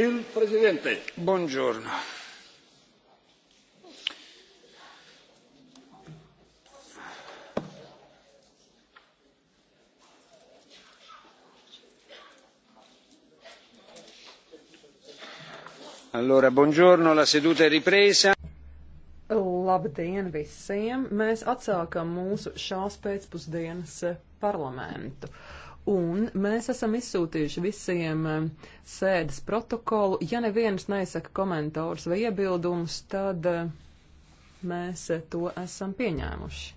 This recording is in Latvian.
il presidente. Buongiorno. Allora, buongiorno, la seduta è ripresa. Labdien visiem! Mēs atsākam mūsu šās pēcpusdienas parlamentu. Un mēs esam izsūtījuši visiem um, sēdes protokolu. Ja neviens neizsaka komentārus vai iebildumus, tad uh, mēs uh, to esam pieņēmuši.